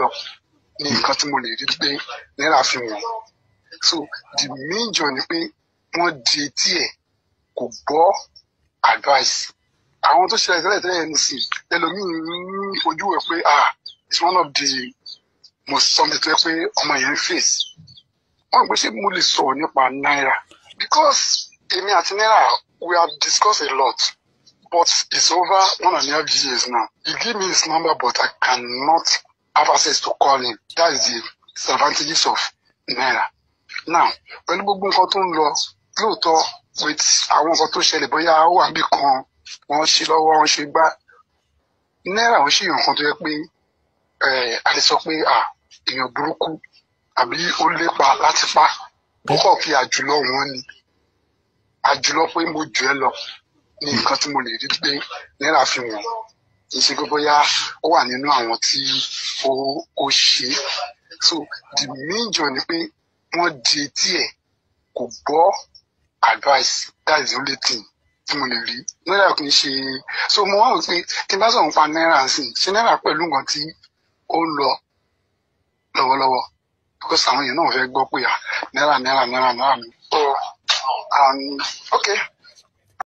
lọ ní nǹkan tí mo lè rí pé náírà fi wọ̀n so the major ni pé wọ́n di etí ẹ̀ kò gbọ́ advice àwọn tó ṣẹlẹ̀ tẹ́lẹ̀ tẹ́lẹ̀ ní sí ẹlòmíín ń fojú pé ah it's one of the most something tó yẹ pé ọmọ yẹn ń face wọ́n gbé ṣé mo lè sọ̀rọ̀ nípa náírà because èmi àti náírà we have discussed a lot but it's over one and a half years now he give me his number but I cannot have access to calling that is the disadvantages of naira now pẹ̀lú gbogbo nǹkan tó ń lọ lóòótọ́ with àwọn nǹkan tó ṣẹlẹ̀ bóyá wà bí kan wọ́n ṣe lọ́wọ́ wọ́n ṣe gbá náírà wọ́n ṣe èèyàn kan tó yẹ pé eh, a lè sọ pé èèyàn burúkú àbí ó lépa láti pa púpọ̀ kí àjùlọ wọn ni àjùlọ pé mo jù ẹ lọ ní nǹkan tí mo lè rí pé náírà fi wọ̀n kì í ṣe pé bóyá ó wà nínú àwọn tí ó ó ṣe so the major ni pé wọ́n di etí ẹ̀ kò gbọ́ advice that is the only thing tí mo lè rí náírà kì í ṣe so mo wá wò pé tí n bá sọ̀rọ̀ pa náírà ń sìn ṣe náírà pẹ̀lú nǹkan tí ó ń lọ lọ́wọ́lọ́wọ́ because àwọn èèyàn náà fẹ́ gbọ́ pé náírà náírà náírà náírà mi. so mm. um, okay